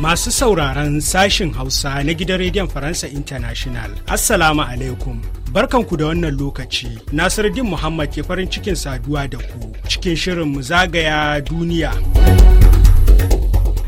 Masu sauraron sashin Hausa na gidan rediyon Faransa International, Assalamu alaikum. Barkanku da wannan lokaci, Nasiruddin Muhammad ke farin cikin saduwa da ku cikin shirin mu zagaya duniya.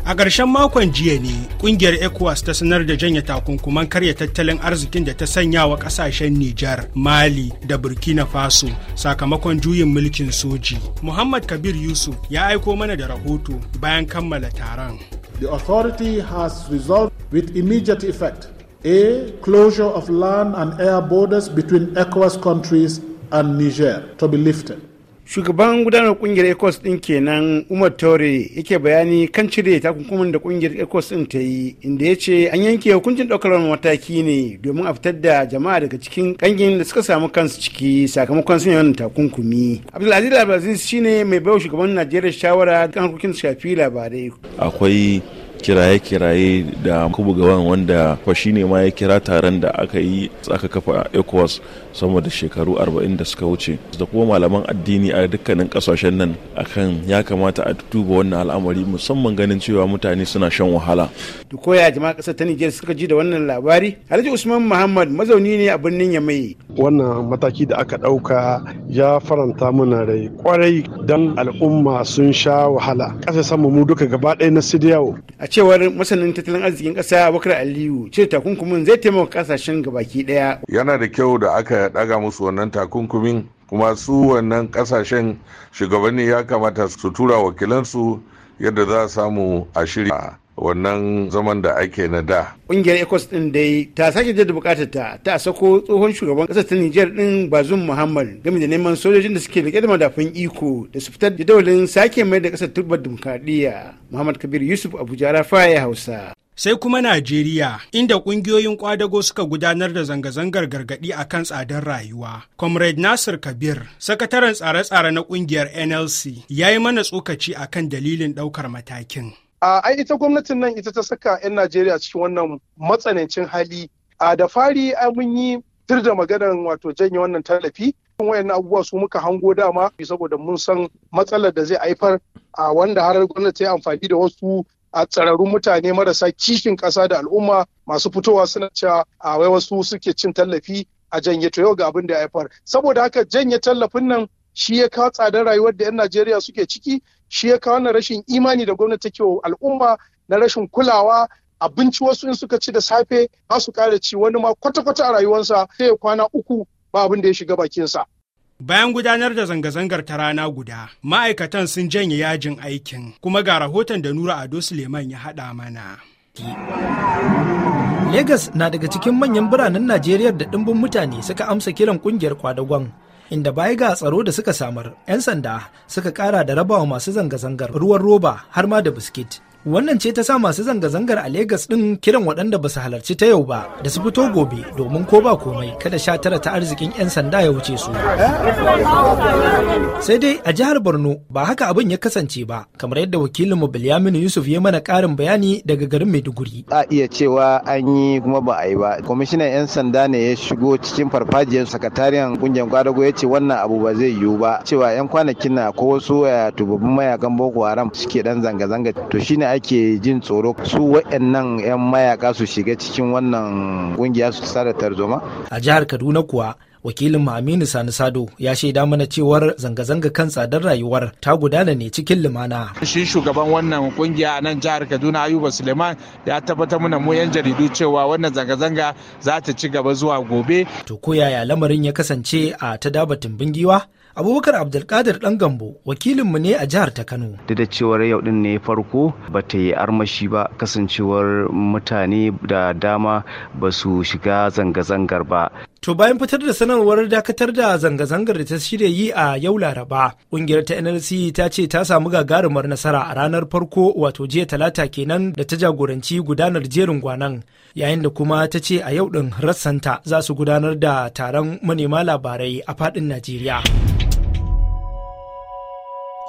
A ƙarshen makon jiya ne ƙungiyar ECOWAS ta sanar da janya takunkuman karya tattalin arzikin da ta sanya wa ƙasashen Nijar, Mali da Burkina Faso sakamakon juyin mulkin soji. Muhammad Kabir Yusuf ya aiko mana da rahoto bayan kammala taron. The authority has resolved with immediate effect a closure of land and air borders between ECOWAS countries and Niger to be lifted. shugaban gudanar kungiyar ecos din kenan umar tore yake bayani kan cire takunkumin da kungiyar ecos din ta yi inda ya ce an yanke hukuncin daukar mataki ne domin a fitar da jama'a daga cikin kangin da suka samu kansu ciki sakamakon sun yawan takunkumi abdulaziz abdulaziz shine mai baiwa shugaban najeriya shawara kan harkokin shafi labarai akwai kiraye-kiraye da gaban wanda fa shine ma ya kira taron da aka yi tsaka kafa ecowas sama da shekaru 40 da suka wuce da kuma malaman addini a dukkanin kasashen nan akan ya kamata a duba wannan al'amari musamman ganin cewa mutane suna shan wahala. Koya jama'a kasar ta Nijar suka ji da wannan labari? Alhaji Usman Muhammad mazauni ne a birnin Yamai. Wannan mataki da aka ɗauka ya faranta mana rai kwarai dan al'umma sun sha wahala. Ƙasa san mu duka gaba ɗaya na Sidiyawo. A cewar masanin tattalin arzikin ƙasa Bakar Aliyu, ce takunkumin zai taimaka kasashen gabaki ɗaya. Yana da kyau da aka ya daga musu wannan takunkumin kuma su wannan kasashen shugabanni ya kamata su tura wakilansu yadda za a samu a shirya wannan zaman da ake na da. Ƙungiyar ECOS ɗin dai ta sake jaddada buƙatar ta ta sako tsohon shugaban ƙasar ta Nijar ɗin Bazum Muhammad game da neman sojojin da suke riƙe da madafun iko da su fitar da dawalin sake mai da ƙasar turbar dimokuraɗiyya. Muhammad Kabir Yusuf Abuja Rafaya Hausa. Sai kuma Najeriya, inda ƙungiyoyin kwadago suka gudanar da zanga-zangar gargaɗi a kan tsadar rayuwa. Comrade Nasir Kabir, sakataren tsare-tsare na ƙungiyar NLC, ya yi mana tsokaci a kan dalilin ɗaukar matakin. A ai ita gwamnatin nan ita ta saka 'yan Najeriya cikin wannan matsanancin hali. A da fari mun yi tur maganar wato janye wannan tallafi wayan abubuwa su muka hango dama saboda mun san matsalar da zai haifar a wanda har gwamnati ta yi amfani da wasu a tsararrun mutane marasa kishin ƙasa da al'umma masu fitowa suna cewa a wai wasu suke cin tallafi a janye to yau ga abin da ya haifar saboda haka janye tallafin nan shi ya kawo tsadar rayuwar da 'yan Najeriya suke ciki shi ya kawo na rashin imani da gwamnati take al'umma na rashin kulawa abinci wasu in suka ci da safe ba su kare ci wani ma kwata-kwata a rayuwarsa sai ya kwana uku ba abin da ya shiga bakinsa Bayan gudanar da zanga-zangar ta rana guda, ma'aikatan sun janye yajin aikin, kuma ga rahoton da Nura Ado Suleiman ya haɗa mana. Legas na daga cikin manyan biranen Najeriya da ɗimbin mutane suka amsa kiran ƙungiyar kwadagon. inda baya ga tsaro da suka samar 'yan sanda suka kara da rabawa masu zanga-zangar ruwan roba har ma da biskit wannan ce ta sa masu zanga-zangar a Legas ɗin kiran waɗanda ba su halarci ta yau ba da su fito gobe domin ko ba komai kada sha tara ta arzikin 'yan sanda ya wuce su. Sai dai a jihar Borno ba haka abin ya kasance ba kamar yadda wakilin wakilinmu Bilyaminu Yusuf ya mana ƙarin bayani daga garin Maiduguri. A iya cewa an yi kuma ba a yi ba. Kwamishinan 'yan sanda ne ya shigo cikin farfajiyar sakatariyar kungiyar kwadago ya ce wannan abu ba zai yiwu ba cewa 'yan kwanakin na ko wasu eh, tubabbin mayakan Boko Haram suke dan zanga-zanga to shine ake jin tsoro su wa'annan 'yan mayaka su shiga cikin wannan kungiya su sada tarzoma a jihar kaduna kuwa wakilin Aminu Sani Sado ya shaida mana cewar zanga-zanga kan tsadar rayuwar ta gudana ne cikin lumana. Shi shugaban wannan kungiya a nan jihar Kaduna Ayuba Suleiman ya tabbatar mana mu yan jaridu cewa wannan zanga-zanga za ta ci gaba zuwa gobe. To ko yaya lamarin ya kasance a ta daba tumbin giwa? abubakar abdulkadir dan gambo wakilinmu ne a jihar ta kano duk da cewar yau din ne farko ba ta yi armashi ba kasancewar mutane da dama ba su shiga zanga-zangar ba To bayan fitar da sanarwar dakatar da zanga-zangar da ta shirya yi a yau Laraba, ƙungiyar ta NLC ta ce ta samu gagarumar nasara a ranar farko wato jiya talata kenan da ta jagoranci gudanar jerin gwanan, yayin da kuma ta ce a yau ɗin rassanta za su gudanar da taron manema labarai a faɗin Najeriya.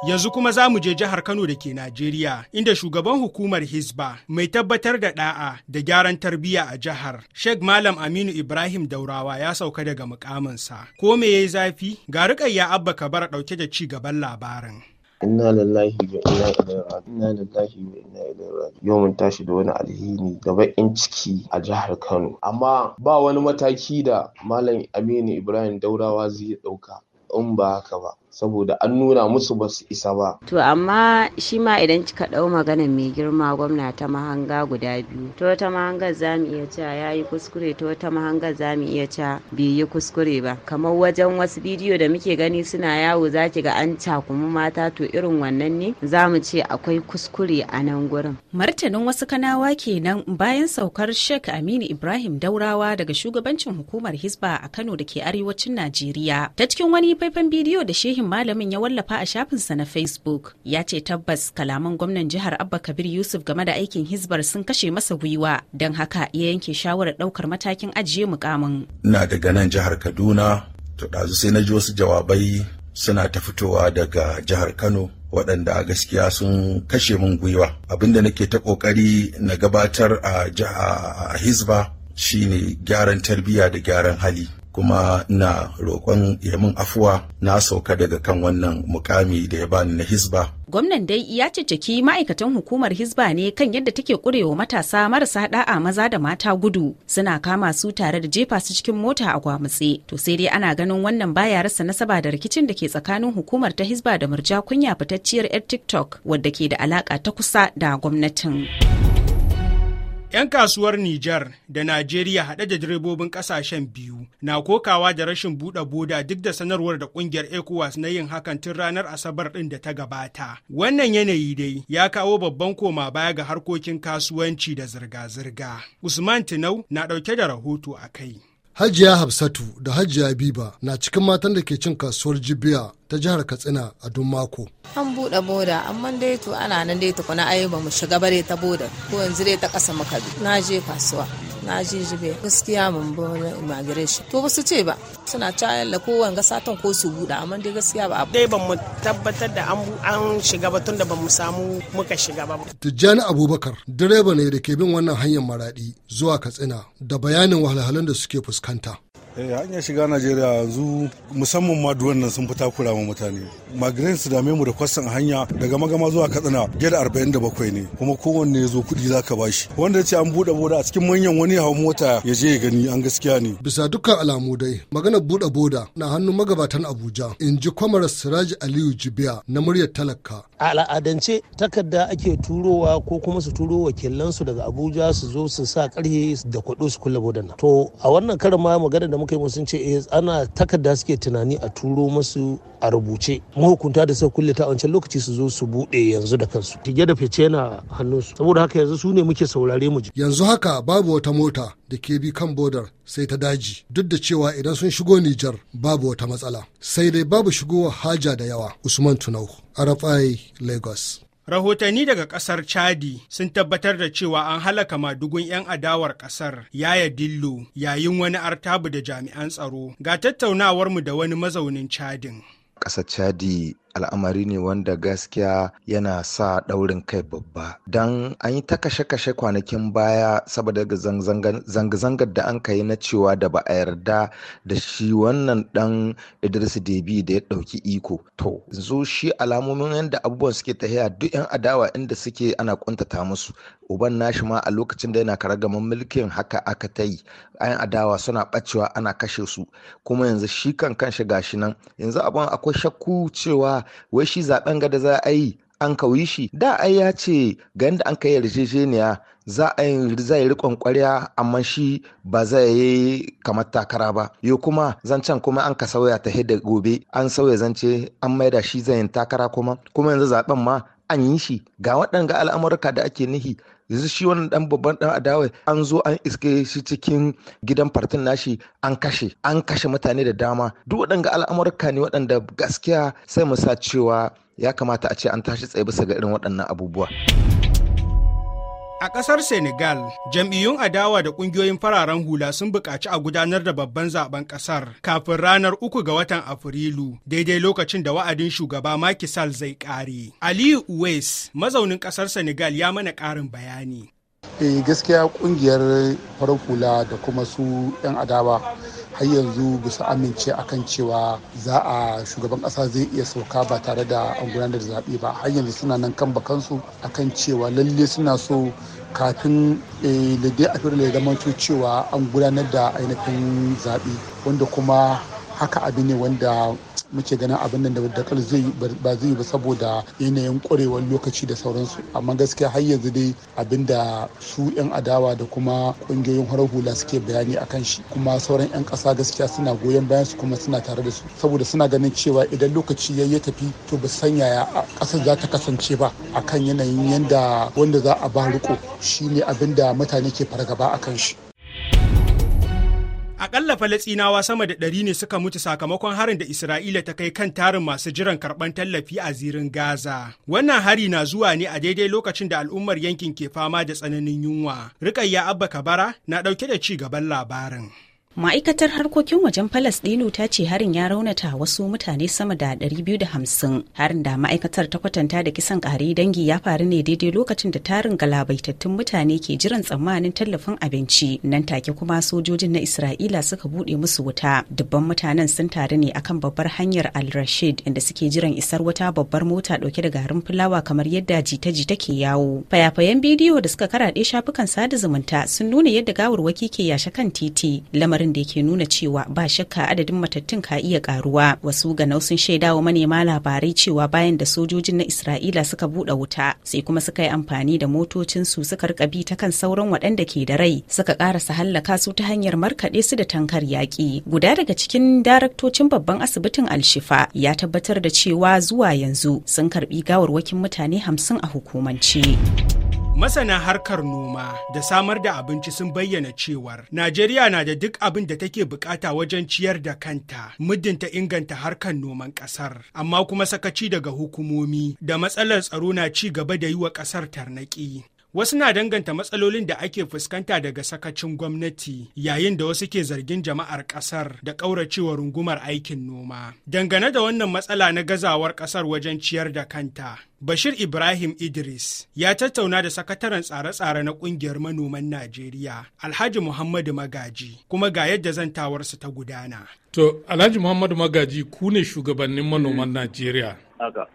Yanzu kuma za mu je jihar Kano da ke Najeriya, inda shugaban hukumar Hisba mai tabbatar da da'a da gyaran tarbiyya a jihar, Sheikh Malam Aminu Ibrahim Daurawa ya sauka daga mukaminsa. Ko me ya yi zafi? Ga ya Abba Kabara ɗauke da ci gaban labarin. inna lillahi wa inna ilaihi raji'un inna lillahi wa inna ilaihi raji'un yau mun tashi da wani alhini da bakin ciki a jihar Kano amma ba wani mataki da malam Aminu Ibrahim Daurawa zai dauka in ba haka ba saboda an nuna musu ba su isa ba. To amma shi ma idan kika ɗau magana mai girma gwamna ta mahanga guda biyu. To ta mahangar za mu iya cewa ya yi kuskure to ta mahangar za mu iya cewa bai yi kuskure ba. Kamar wajen wasu bidiyo da muke gani suna yawo za ki ga an cakumi mata to irin wannan ne za mu ce akwai kuskure a nan gurin. Martanin wasu kanawa kenan bayan saukar Sheikh Aminu Ibrahim Daurawa daga shugabancin hukumar Hisba a Kano da ke arewacin Najeriya. Ta cikin wani faifan bidiyo da shehin tarihin malamin ya wallafa a shafinsa na Facebook. Ya ce tabbas kalaman gwamnan jihar Abba Kabir Yusuf game da aikin Hizbar sun kashe masa gwiwa don haka ya yanke shawarar ɗaukar matakin ajiye mukamin. na daga nan jihar Kaduna, to ɗazu sai na ji wasu jawabai suna ta fitowa daga jihar Kano waɗanda a gaskiya sun kashe min gwiwa. abin da nake ta ƙoƙari na gabatar a jiha Hizba shine gyaran tarbiyya da gyaran hali. kuma ina roƙon ya min afuwa na sauka daga kan wannan mukami da ya bani na hisba. Gwamnan dai ya cicciki ma'aikatan hukumar hisba ne kan yadda take ƙurewa matasa marasa da'a maza da mata gudu suna kama su tare da jefa su cikin mota a gwamutse. To sai dai ana ganin wannan baya rasa nasaba da rikicin da ke tsakanin hukumar ta hisba da murja kunya fitacciyar 'yar TikTok wadda ke da alaƙa ta kusa da gwamnatin. 'Yan kasuwar Nijar da Najeriya haɗe da direbobin ƙasashen biyu na kokawa da rashin buɗe boda duk da sanarwar da ƙungiyar ECOWAS na yin hakan tun ranar Asabar ɗin da ta gabata. Wannan yanayi dai ya kawo babban koma baya ga harkokin kasuwanci da zirga-zirga. Usman Tinau na ɗauke da rahoto a kai. Hajiya Hafsatu da Hajiya Biba na cikin matan da ke cin kasuwar Jibiya ta jihar Katsina a dun mako. An buɗe boda amma dai to ana nan dai tukuna ayyuba mu shiga bare ta boda ko yanzu dai ta ƙasa muka Na je kasuwa na jijibe gaskiya mun ba immigration to basu ce ba suna cayar da ga satan ko su buɗe amma dai gaskiya ba dai ban mu tabbatar da an shiga ba tun da ban mu samu muka shiga ba Tijjani Abubakar direba ne da ke bin wannan hanyar maradi zuwa Katsina da bayanin wahalhalun da suke fuskanta Eh, hanyar shiga najeriya yanzu musamman ma duwan nan sun fita takura ma mutane migrant su dame mu da kwastan hanya daga magama zuwa katsina gida arba'in da bakwai ne kuma kowanne ya zo kuɗi za ka bashi wanda ya ce an buɗe boda a cikin manyan wani hau mota ya je ya gani an gaskiya ne bisa dukkan alamu dai magana buɗe boda na hannun magabatan abuja in ji kwamar siraji aliyu jibiya na muryar talaka a al'adance takarda ake turowa ko kuma su turo wakilansu daga abuja su zo su sa ƙarhe da kwaɗo su kulle bodan to a wannan karin ma magana da muka yi mu sun ce eh ana takarda suke tunani a turo masu a rubuce mahukunta da suka kulle ta wancan lokaci su zo su buɗe yanzu da kansu tige da fice na hannunsu saboda haka yanzu su ne muke saurare mu yanzu haka babu wata mota da ke bi kan bodar sai ta daji duk da cewa idan sun shigo Nijar babu wata matsala sai dai babu shigowa haja da yawa Usman Tunau Arafai Lagos Rahotanni daga ƙasar Chadi sun tabbatar da cewa an halaka madugun 'yan adawar kasar Yaya Dillo yayin wani artabu da jami'an tsaro ga tattaunawarmu da wani mazaunin Chadin. Ƙasar Chadi al'amari ne wanda gaskiya yana sa ɗaurin kai babba don an yi ta kashe-kashe kwanakin baya saboda zanga-zangar da an kai na cewa da ba a yarda da shi wannan ɗan idris debi da ya ɗauki iko to yanzu shi alamomin yadda abubuwan suke tahiya duk 'yan adawa inda suke ana kuntata musu uban nashi ma a lokacin da yana karagaman mulkin haka aka ta yi 'yan adawa suna bacewa ana kashe su kuma yanzu shi kan kan shi nan yanzu abin akwai shakku cewa wai shi zaben gada za a yi an kauyi shi da ai ya ce ga yadda an kai yarjejeniya za a yi zai rikon kwarya amma shi ba zai yi kamar takara ba yo kuma zancen kuma an ka sauya ta da gobe an sauya zance an da shi zai yin takara kuma kuma yanzu zaben ma an yi shi ga waɗanga al'amurka da ake nihi yanzu shi wannan dan babban dan adawa an zo an iske shi cikin gidan fartin nashi an kashe an kashe mutane da dama duk waɗanga al'amurka ne waɗanda gaskiya sai mu sa cewa ya kamata a ce an tashi tsaye bisa ga irin waɗannan abubuwa. A ƙasar Senegal, jam'iyyun adawa da ƙungiyoyin fararen hula sun buƙaci a gudanar da babban zaben ƙasar kafin ranar uku ga watan Afrilu, daidai lokacin da wa'adin shugaba Macky Sall zai ƙare. Aliyu Uwais, mazaunin ƙasar Senegal ya mana ƙarin bayani. Eh gaskiya ƙungiyar farar hula da kuma su 'yan adawa har yanzu bisa amince akan cewa za a shugaban ƙasa zai iya sauka ba tare da an gudanar da zaɓe ba har yanzu suna nan kan bakansu akan cewa lalle suna so kafin eh, da dai a ya zamanto cewa an gudanar da ainihin zaɓe wanda kuma haka abu ne wanda muke ganin abin nan da kal zai ba zai yi ba saboda yanayin kwarewar lokaci da sauransu amma gaskiya har yanzu dai abin da su 'yan adawa da kuma ƙungiyoyin horar hula suke bayani a kan shi kuma sauran 'yan ƙasa gaskiya suna goyon bayan su kuma suna tare da su saboda suna ganin cewa idan lokaci ya yi tafi to ba san yaya ƙasar za ta kasance ba akan yanayin yanda wanda za a ba riko shine abin da mutane ke fargaba a kan shi Akalla Falasinawa sama da ɗari ne suka mutu sakamakon harin da Isra'ila ta kai kan tarin masu jiran karɓar tallafi a zirin Gaza. Wannan hari na zuwa ne a daidai lokacin da al'ummar yankin ke fama da tsananin yunwa. Rikayya Abba Kabara na ɗauke da ci gaban labarin. Ma'aikatar harkokin wajen Falasɗinu ta ce harin ya raunata wasu mutane sama da 250. Harin da ma'aikatar ta kwatanta da kisan ƙari dangi ya faru ne daidai lokacin da tarin galabaitattun mutane ke jiran tsammanin tallafin abinci. Nan take kuma sojojin na Isra'ila suka buɗe musu wuta. Dubban mutanen sun taru ne akan babbar hanyar Al-Rashid inda suke jiran isar wata babbar mota ɗauke da garin fulawa kamar yadda jita-jita ke yawo. Fayafayen bidiyo da suka karaɗe shafukan sada zumunta sun nuna yadda gawarwaki ke yashe kan titi. Lamarin labarin da yake nuna cewa ba shakka adadin matattun ka iya karuwa wasu ganau sun shaida wa manema labarai cewa bayan da sojojin na isra'ila suka buɗe wuta sai kuma suka yi amfani da motocin su suka rika bi ta kan sauran waɗanda ke da rai suka karasa hallaka su ta hanyar markaɗe su da tankar yaƙi guda daga cikin daraktocin babban asibitin alshifa ya tabbatar da cewa zuwa yanzu sun karɓi gawarwakin mutane hamsin a hukumance. Masana harkar noma da samar da abinci sun bayyana cewar Najeriya na da duk abin da take bukata wajen ciyar da kanta muddin ta inganta harkar noman kasar, amma kuma sakaci daga hukumomi da matsalar tsaro na ci gaba da yi wa kasar tarnaki. Wasu na danganta matsalolin da ake fuskanta daga sakacin gwamnati yayin da wasu ke zargin jama'ar kasar da ƙauracewar rungumar aikin noma. Dangane da wannan matsala na gazawar kasar wajen ciyar da kanta, Bashir Ibrahim Idris ya tattauna da sakataren tsare-tsare na kungiyar manoman Najeriya Alhaji Muhammadu Magaji kuma ga yadda zantawarsa ta gudana. To Alhaji Muhammadu Magaji ku ne shugabannin manoman mm. Najeriya.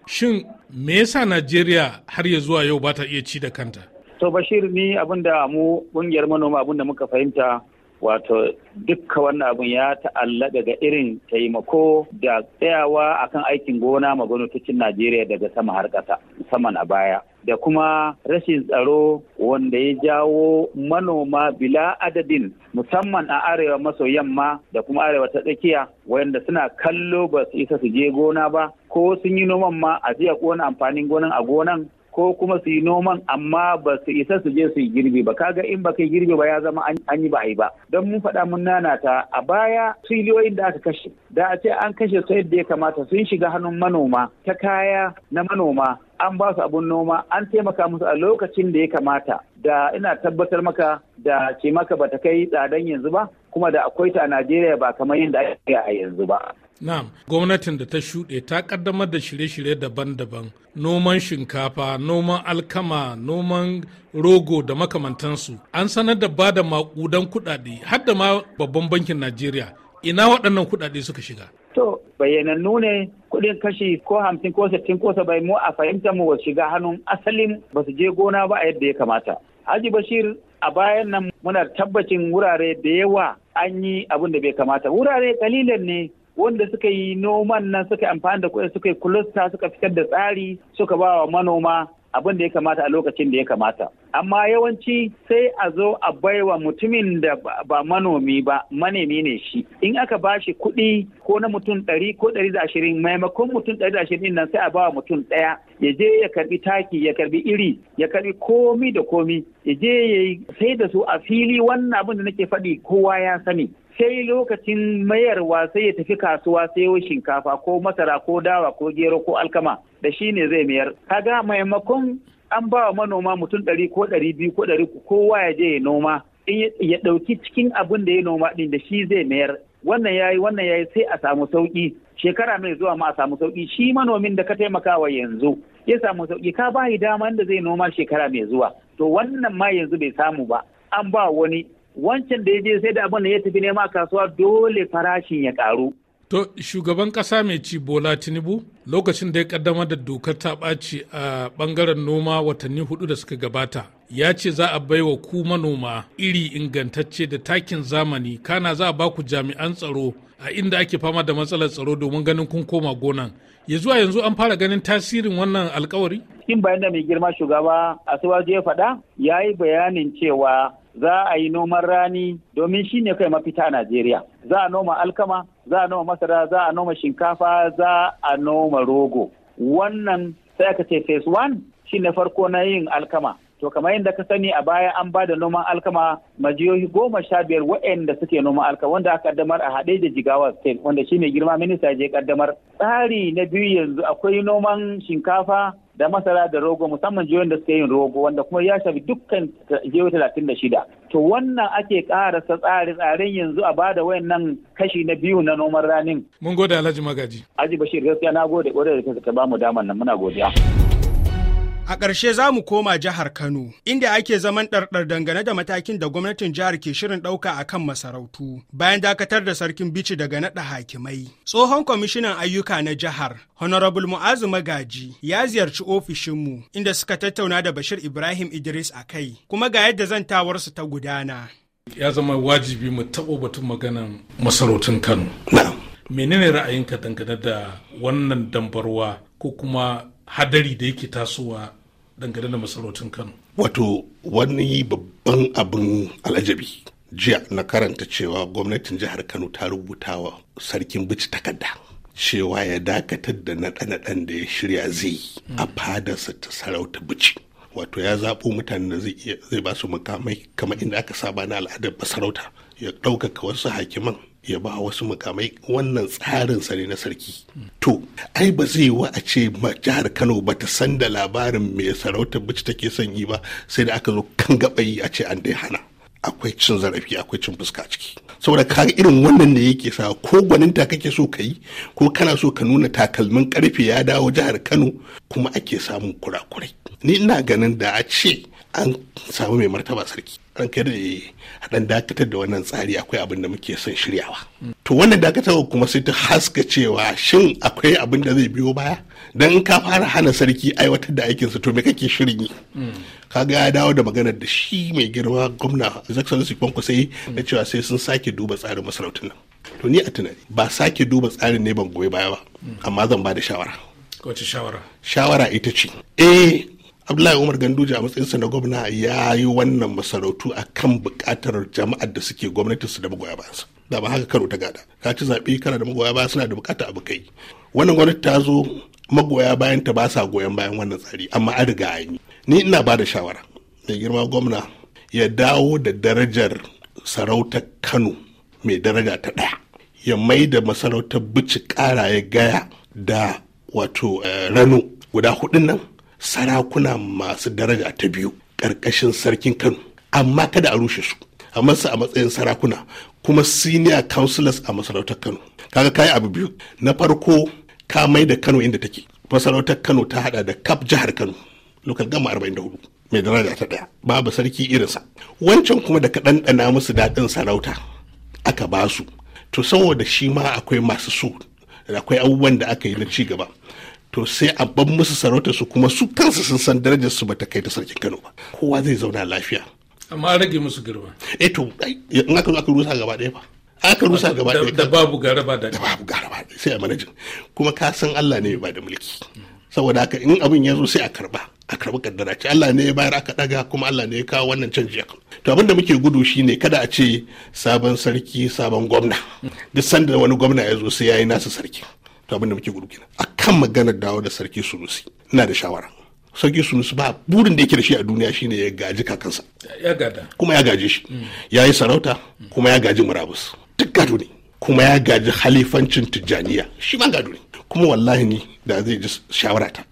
Shin me yasa Najeriya har ya zuwa yau ba ta iya ci da kanta? To Bashir ni abinda mu kungiyar manoma abinda muka fahimta wato dukka wannan abun ya ta'allaka ga irin taimako da tsayawa akan aikin gona ma Najeriya daga sama har ƙasa musamman a baya da kuma rashin tsaro wanda ya jawo manoma bila adadin musamman a arewa maso yamma da kuma arewa ta tsakiya wanda suna kallo ba su isa su je gona ba ko sun yi noman ma a jiya kona amfanin gonan a gonan ko kuma su yi noman amma ba su isa su je su yi girbi ba kaga in ba kai girbi ba ya zama an yi ba yi ba don mun faɗa mun nana ta a baya filiyoyin da aka kashe da a ce an kashe su yadda ya kamata sun shiga hannun manoma ta kaya na manoma an ba su abun noma an taimaka musu a lokacin da ya kamata da ina tabbatar maka da ce maka ba ta kai tsadan yanzu ba kuma da akwai ta a Najeriya ba kamar yadda ake a yanzu ba Na'am, gwamnatin da ta shuɗe ta ƙaddamar da shirye-shirye daban-daban, noman shinkafa, noman alkama, noman rogo da makamantansu. An sanar da ba da maƙudan kuɗaɗe, har ma babban bankin Najeriya. Ina waɗannan kuɗaɗe suka shiga? To, bayyana ne kuɗin kashi ko hamsin ko sittin ko sabai mu a fahimtar mu ba shiga hannun asalin ba su je gona ba a yadda ya kamata. Haji Bashir a bayan nan muna tabbacin wurare da yawa an yi abin da bai kamata. Wurare kalilan ne wanda suka yi noman nan suka yi amfani da kuɗi suka yi kulusta suka fitar da tsari suka ba wa manoma abin da ya kamata a lokacin da ya kamata. Amma yawanci sai a zo a baiwa mutumin da ba manomi ba manemi ne shi. In aka ba shi kuɗi ko na mutum ɗari ko ɗari da ashirin maimakon mutum ɗari da ashirin nan sai a ba wa mutum ɗaya ya je ya karbi taki ya karbi iri ya karbi komi da komi ya je ya sai da su a fili wannan abin da nake faɗi kowa ya sani. sai lokacin mayarwa sai ya tafi kasuwa sai sayo shinkafa ko masara ko dawa ko gero ko alkama da shi ne zai mayar kaga maimakon an ba wa manoma mutum ɗari ko ɗari biyu ko ɗari kowa ya je ya noma in ya ɗauki cikin abin da ya noma ɗin da shi zai mayar wannan ya yi wannan ya yi sai a samu sauƙi shekara mai zuwa ma a samu sauƙi shi manomin da ka taimakawa yanzu ya samu sauƙi ka bayi dama da zai noma shekara mai zuwa to wannan ma yanzu bai samu ba an ba wani wancan da ya je sai da abin da ya tafi nema kasuwa dole farashin ya karu. To shugaban ƙasa mai ci Bola Tinubu lokacin da ya kaddamar da dokar ta ɓaci a ɓangaren noma watanni hudu da suka gabata ya ce za a baiwa ku manoma iri ingantacce da takin zamani kana za a ba ku jami'an tsaro a inda ake fama da matsalar tsaro domin ganin kun koma gonan ya zuwa yanzu an fara ganin tasirin wannan alkawari? cikin bayan da mai girma shugaba Asiwaju ya faɗa ya yi bayanin cewa za a yi noman rani domin shi ne kai mafita a Najeriya. Za a noma alkama, za a noma masara, za a noma shinkafa, za a noma rogo. Wannan sai aka ce phase one shi ne farko na yin alkama. to kamar yadda ka sani a baya an ba da noman alkama majiyoyi goma sha biyar waɗanda suke noman alkama wanda aka kaddamar a haɗe da jigawa state wanda shi mai girma minista je kaddamar tsari na biyu yanzu akwai noman shinkafa da masara da rogo musamman jiyoyin da suke yin rogo wanda kuma ya shafi dukkan jiyoyi talatin da shida to wannan ake karasa tsari tsarin yanzu a bada wayannan kashi na biyu na noman ranin mun gode alhaji magaji aji bashir gaskiya na gode kwarai da ka bamu daman nan muna godiya A ƙarshe za mu koma jihar Kano, inda ake zaman ɗarɗar dangane da matakin da gwamnatin jihar ke shirin ɗauka a kan masarautu, bayan dakatar da sarkin bici daga naɗa hakimai. Tsohon kwamishinan ayyuka na jihar, Honorable Mu'azu Magaji, ya ziyarci ofishinmu, inda suka tattauna da Bashir Ibrahim Idris a kai, kuma ga yadda zan zantawarsu ta gudana. Ya zama wajibi mu taɓo batun maganan masarautun Kano. Menene ra'ayinka dangane da wannan dambarwa ko kuma hadari da yake tasowa dangane da masarautun kano wato wani babban abin alajabi jiya na karanta cewa gwamnatin jihar kano ta rubuta wa sarkin bici takarda cewa ya dakatar da naɗe-naɗen da ya shirya zai a hmm. fadarsa ta sarauta bici wato ya zaɓo mutanen da zai ba su mukamai kamar inda aka saba na al'adar sarauta ya ɗaukaka wasu hakiman ya ba wasu mukamai wannan tsarin sa ne na sarki to ai ba zai wa a ce jihar Kano ba ta san da labarin mai sarautar bici take son yi ba sai da aka zo kan gabayi a ce an dai hana akwai cin zarafi akwai cin fuska ciki saboda kaga irin wannan ne yake sa ko gwaninta kake so ka yi ko kana so ka nuna takalmin karfe ya dawo jihar Kano kuma ake samun kurakurai ni ina ganin da a ce an samu mai martaba sarki an kai da haɗan dakatar da wannan tsari akwai abin da muke son shiryawa to wannan dakatar kuma sai ta haska cewa shin akwai abin da zai biyo baya dan ka fara hana sarki aiwatar da aikinsa to me kake shirin yi Ka ga ya dawo da maganar da shi mai girma gwamna su kwanku sai na cewa sai sun sake duba tsarin masarautun nan to ni a tunani ba sake duba tsarin ne ban goyi baya ba amma zan ba da shawara wace shawara shawara ita ce eh abdullahi umar ganduje a matsayinsa na gwamna ya yi wannan masarautu a kan buƙatar jama'ar da suke su da magoya bayansa da ba haka karo ta gada ka ci zaɓe kana da magoya baya suna da buƙata abu kai wannan gwamnati ta zo magoya bayan ta ba sa goyon bayan wannan tsari amma an riga an yi ni ina ba da shawara mai girma gwamna ya dawo da darajar sarauta kano mai daraja ta ɗaya ya mai da masarautar bici ƙara ya gaya da wato eh, rano guda hudun nan sarakuna masu daraja ta biyu ƙarƙashin sarkin kano amma kada a rushe su a masa a matsayin sarakuna kuma senior councillors a masarautar kano kaga kayi abu biyu na farko ka mai da kano inda take masarautar kano ta hada da kaf jihar kano lokal gama 44 mai daraja ta daya babu sarki irin sa. wancan kuma da ka ɗanɗana musu daɗin sarauta aka ba su to saboda shi ma akwai masu so akwai abubuwan da aka yi na ci gaba to sai a ban musu sarauta su kuma su kansu sun san darajar su bata kai ta sarkin Kano ba kowa zai zauna lafiya amma rage musu girma eh to in aka zo aka rusa gaba ɗaya ba aka rusa gaba ɗaya da babu garaba da da babu garaba sai a manajin kuma ka san Allah ne ba da mulki saboda haka in abin ya zo sai a karba a karbi kaddara ce Allah ne ya bayar aka daga kuma Allah ne ya kawo wannan canji a to abinda muke gudu shine kada a ce sabon sarki sabon gwamna duk sanda wani gwamna ya zo sai yayi nasa sarki to abin da muke gudu kenan kan maganar dawo da sarki sunusi ina da shawara sarki sunusi ba burin da yake da shi a duniya shine ya gaji kakansa ya gada kuma ya gaji shi ya yi sarauta kuma ya gaji murabus duk gado ne kuma ya gaji halifancin tijjaniya shi ma gado ne kuma wallahi ni da zai ji shawara ta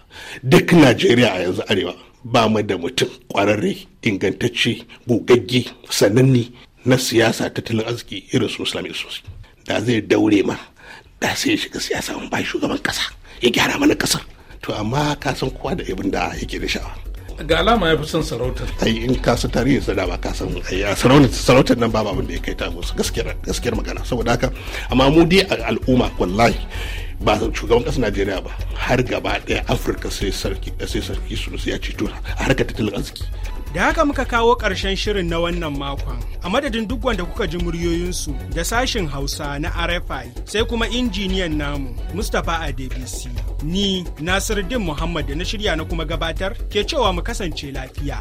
duk najeriya a yanzu arewa ba mu da mutum kwararre ingantacce gogagge sananni na siyasa tattalin arziki irin su sosai da zai daure ma da sai ya shiga siyasa mun ba shugaban kasa ya gyara mana kasar to amma ka san kowa da abin da yake da sha'awa ga alama ya fi son sarautar ai in ka san tarihin sa da ba ka san sarautar sarautar nan ba abin da ya kai ta musu gaskiyar gaskiyar magana saboda haka amma mu dai al'umma wallahi ba shugaban kasar najeriya ba har gaba daya afirka sai sarki sai sarki su ya ceto a harkar tattalin arziki Da haka muka kawo ƙarshen shirin na wannan makon, a madadin duk wanda kuka ji muryoyinsu da sashin Hausa na RFI sai kuma injiniyan namu Mustapha adbc Ni Nasiruddin Muhammad da na shirya na kuma gabatar ke cewa mu kasance lafiya.